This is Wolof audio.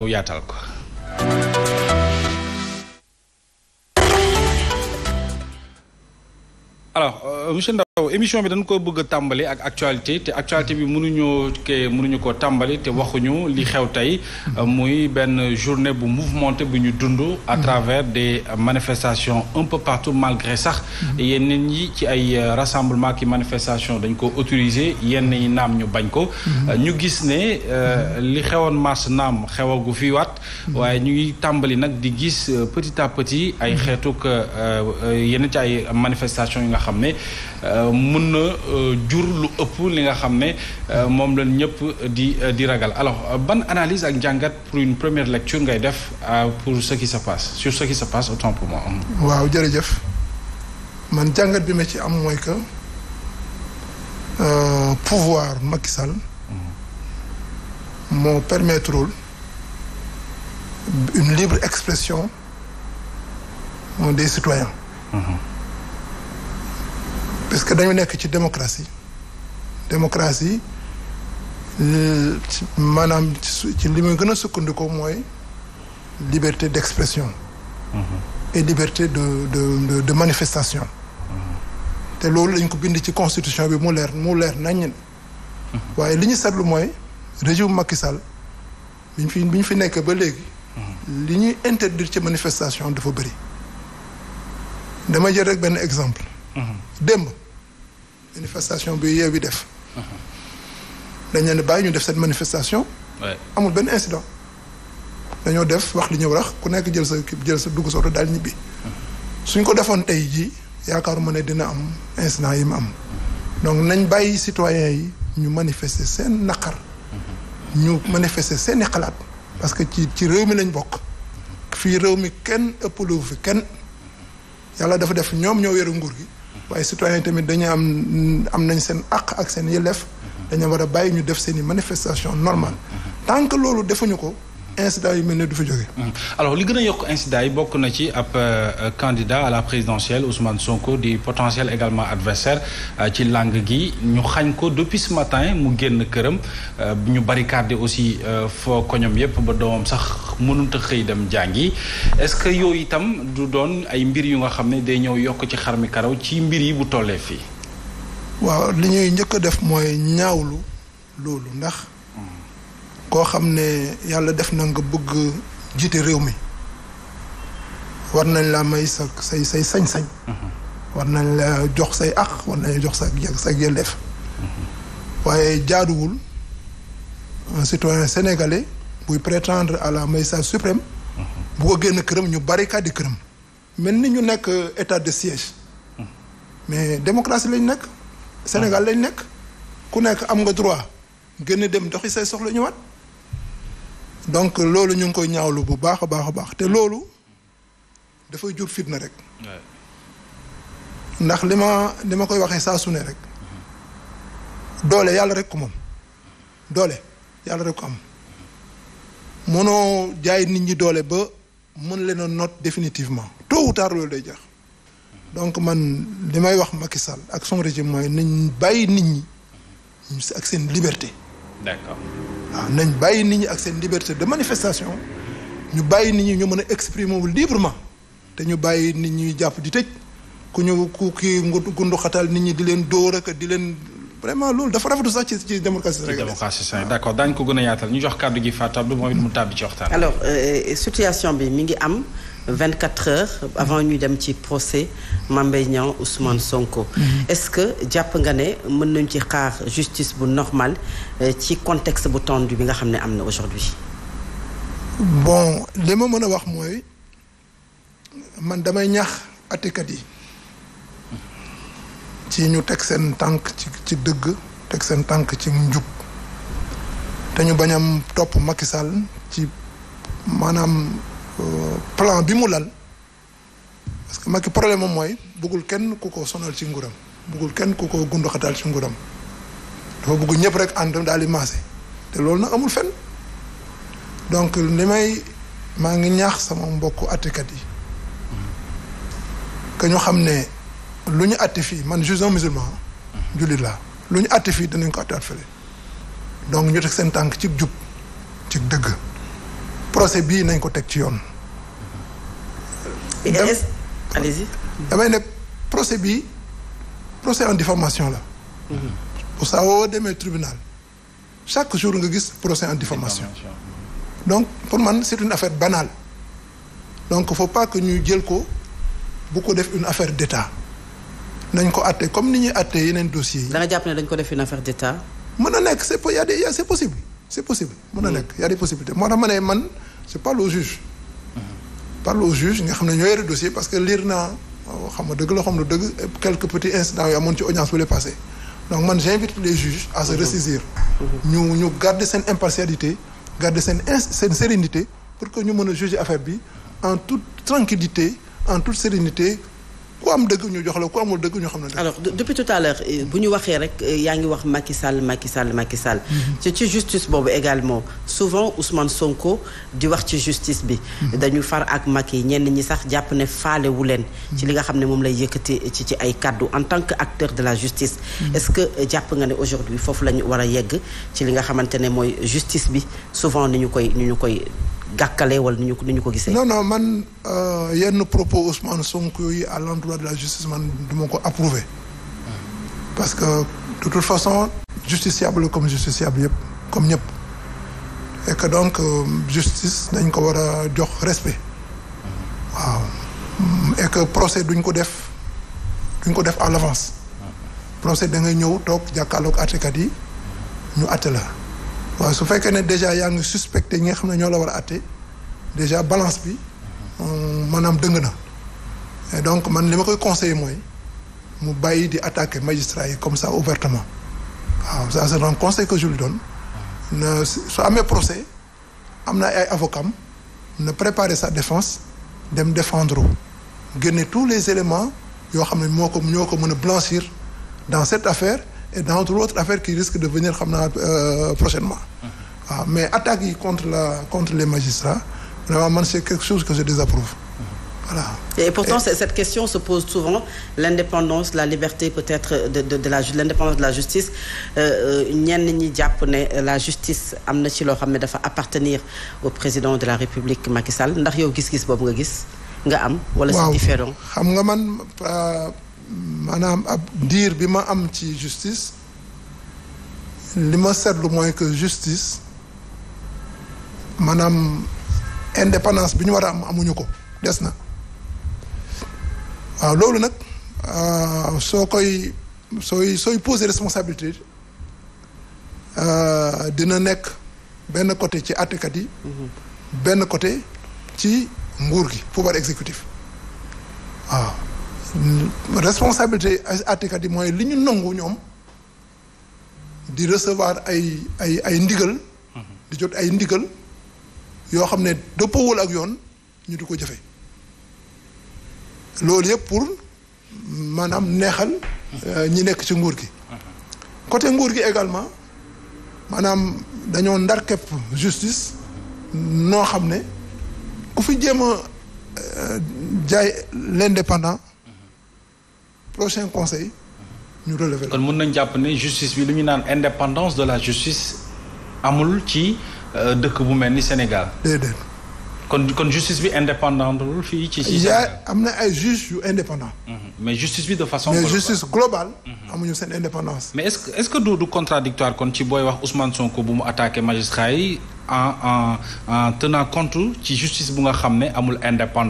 mu yaatal ko alors euh, monsieur Ndao waaw émission bi dañ ko bëgg a tàmbali ak actualité te actualité bi mënuñoo kee mënuñu ko tàmbali te waxuñu li xew tey muy benn journée bu mouvementée bu ñu dund à mm-hmm. travers des manifestations un peu partout malgré sax yeneen ñi ci ay rassemblement ki manifestation dañ ko autorisé yenn yi naam ñu bañ ko mm-hmm. ñu gis ne euh, li xewoon mars naam xewagu fi waat mm-hmm. waaye ñu ngi tàmbali nag di gis euh, petit à petit ay xeetuk euh, yenn ci ay manifestations yi nga xam ne Euh, mun na euh, jur lu ëpp li nga xam ne euh, moom la ñëpp di di ragal alors ban analyse ak jàngat pour une première lecture ngay def pour ce qui se passe sur ce qui se passe autant pour am waaw jërëjëf man jàngat bi ma ci am mooy que pouvoir Macky Sall mm-hmm. moo permettre une libre expression des citoyens. Mm-hmm. parce que dañu nekk ci démocratie démocratie euh, maanaam ci li muy gën a sukkandiku mooy liberté d'expression mm-hmm. et liberté de de de, manifestation mm-hmm. te loolu lañ ko bind ci constitution bi mu leer mu leer nañ mm-hmm. waaye li ñu seetlu mooy régime Macky Sall bi ñu fi bi ñu fi nekk ba léegi li ñuy interdire ci manifestation dafa bëri dama jël rek benn exemple démb manifestation bi Yewwi def dañ ne bàyyi ñu def cette manifestation amul benn incident dañoo def wax li ñëw wax ku nekk jël sa jël sa dugg soto daal ñibbi suñ ko defoon tey jii ma ne dina am incident yi mu am donc nañ bàyyi citoyens yi ñu manifester seen naqar ñu manifester seeni xalaat parce que ci ci réew mi lañ bokk fii réew mi kenn ëppalewu fi kenn yàlla dafa def ñoom ñoo weru nguur gi waaye citoyen tamit dañu am am nañ seen àq ak seen yelleef mhm. dañu war a bàyyi ñu def seen i manifestation normal mhm. tant que loolu defuñu ko incident yu mel ne du fa jóge hmm. alors li gën yokk incident yi bokk na ci ab euh, euh, candidat à la présidentielle Ousmane Sonko di potentiel également adversaire euh, ci langue gi ñu xañ ko depuis ce matin mu génn këram ñu barricade aussi foo koñom yépp ba doomam sax mënut a xëy dem jàngi est-ce que yooyu itam du doon ay mbir yu nga xam ne day ñëw yokk ci xar mi karaw ci mbir yi bu tollee fii waaw li ñuy njëkk a def mooy ñaawlu loolu ndax hmm. koo xam ne yàlla def na nga bëgg jiite réew mi war nañ la may sa say say sañ-sañ mm-hmm. war nañ la jox say àq war nañ jox sa sa yelleef mm-hmm. waaye jaaduwul un citoyen sénégalais buy prétendre à la maïssage suprême mm-hmm. bu ko génn këram ñu bari barricade këram mel ni ñu nekk état de siège mais démocratie lañ nekk Sénégal lañ nekk ku nekk am nga droit gën a dem doxi say soxla ñëwaat donc loolu ñu ngi koy ñaawlu bu baax a baax a baax te loolu dafay jur fitna rek. ndax li ma li ma koy waxee saa su ne rek doole yàlla rek ko moom doole yàlla rek ko am moo noo jaay nit ñi doole ba mën leen not noot définitivement tôt ou loolu day jeex donc man li may wax Macky Sall ak son régime mooy nañ bàyyi nit ñi ak seen liberté. waaw nañ bàyyi nit ñi ak seen liberté de manifestation ñu bàyyi nit ñi ñu mën a exprimer wu librement te ñu bàyyi nit ñuy jàpp di tëj ku ñu ku kii gundu xatal nit ñi di leen dóor ak di leen vraiment loolu dafa rafetlu sax ci ci démocratie sénégalaise. démocratie sénégalaise d'accord daañu ko gën a yaatal ñu jox kàddu gi Fatou Abdou moom it mu tàbbi ci waxtaan. alors euh, situation bi mi ngi am. vingt 24 heures avant ñu dem ci procès Mame Mbaye Niang Ousmane Sonko. Mm-hmm. est-ce que jàpp nga ne mën nañ ci xaar justice bu normal euh, ci contexte bu tendu bi nga xam ne am na aujourd'hui bon li ma mën a wax mooy man damay ñax àttekat yi ci ñu teg seen tànk ci dëgg teg seen tànk ci njub te ñu bañam topp Macky Sall ci maanaam Euh, plan bi mu lal parce que Macky problème moom mooy bëggul kenn ku ko sonal ci nguram bëggul kenn ku ko gundu xatal ci nguram dafa bëgg ñëpp rek ànd daal di maase te loolu nag amul fel donc li may maa ngi ñaax sama mbokku attekat yi ka ñu xam ne lu ñu atte fii man juge un musulman jullit laa lu ñu atte fii danañ ko attewaat fële donc ñu teg seen tànk ci jub ci dëgg procès bii nañ ko teg ci yoon. allez-y. damay ne procès bii procès en diffamation la. Mhm. pour saa woo demee tribunal chaque jour nga gis procès en diffamation. donc pour man c'est une affaire banaal donc faut pas ñuy jël ko bu ko def une affaire d'état nañ ko àtte comme ni ñuy àtte yeneen dossiers yi. da jàpp ne dañ ko def une affaire d'état. mën na nekk c'est y a c'est possible. c'est possible mën na hmm. nekk y a des moo tax ma ne man je parle au juge hmm. parle au juge nga xam ne ñoo yore dossier parce que liir naa xam nga dëgg la xam lu dëgg quelques petits incidents yu amoon ci audience bu lay passé donc man j'invite les juges à se hmm. ressaisir ñu ñu garder seen impartialité garder seen seen sérénité pour que ñu mën a juger affaire bi en toute tranquillité en toute sérénité ku am dëgg ñu jox la ku amul dëgg ñu xam ne. alors depuis tout euh, bu ñu waxee rek euh, yaa ngi wax Sall Macky Sall Macky Sall. Mm-hmm. ci ci justice boobu également souvent Sonko di wax ci justice bi. Mm-hmm. dañu far ak Macky ñenn ñi sax jàpp ne faale leen. ci li nga xam ne moom lay yëkkati ci ci ay kaddu en tant que acteur de la justice. Mm-hmm. est-ce que euh, jàpp nga ne aujourd'hui foofu la ñu war a yegg ci li nga xamante ne mooy justice bi souvent ni ñu koy nu ñu koy. gàkkale wala ni ko ni ñu ko gisee. non non man euh, yenn propos Ousmane Sonko yi à l'endroit de la justice man duma ko approuver parce que de toute façon justiciable comme justiciable yëpp comme ñëpp et que donc euh, justice dañ ko war a jox respect waaw et que procès duñ ko def duñ ko def à l'avance procès da ngay ñëw toog jàkkaalook àttekat yi ñu àtte la waaw su fekkee ne déjà yaa ngi suspecté ñi xam ne ñoo la war a àtte déjà balance bi euh, maanaam dëng na et donc man li ma koy conseiller mooy mu bàyyi di attaquer magistrats yi comme ça ouvertement waaw ça c'est un conseil que je lui na su amee procès am na ay avocam na préparer sa défense dem défendre génne tous les éléments yoo xam ne moo ko ñoo ko mën a blanchir dans cette affaire et dans d'autres affaires qui risquent de venir xam naa euh, prochainement waaw ah, mais attaques yi contre la contre les magistrats vraiment man c'est quelque chose que je désapprouve voilà. et pourtant et, cette question se pose souvent l'indépendance la liberté peut-être de de de la l'indépendance de la justice euh, euh, ñenn ñi jàpp ne la justice am na ci loo xam ne dafa appartenir au président de la République Macky Sall ndax yow gis-gis boobu nga gis nga am. walla c'est différent xam nga man euh, maanaam ab diir bi ma am ci justice li ma seetlu mooy que justice. maanaam indépendance bi ñu war a am amuñu ko des na waaw loolu nag euh, soo koy sooy sooy poser responsabilité euh, dina nekk benn côté ci àttekat yi mhm. benn côté ci nguur gi pouvoir exécutif waaw responsabilité àttekat yi mooy li ñu nangu ñoom di recevoir ay ay ay ndigal mhm. di jot ay ndigal yoo xam ne dëppawul ak yoon ñu di ko jëfe loolu yëpp pour maanaam neexal euh, ñi nekk ci nguur gi côté nguur gi également maanaam dañoo ndar képp justice noo xam ne ku fi jéem a euh, jaay l'indépendant prochain conseil ñu relever kon mën nañ jàpp ne justice bi lu ñu naan indépendance de la justice amul ci Euh, dëkk bu mel ni Sénégal. kon kon justice bi indépendante wul fii ci. ci am na ay juges yu indépendant. Mhm. mais justice bi de façon. mais justice globale. Mhm. amuñu seen indépendance. mais est-ce que est-ce que du contradictoire kon ci booy wax Ousmane Sonko bu mu attaqué magistrat yi en en tenant compte ci justice bu nga xam ne amul indépendance.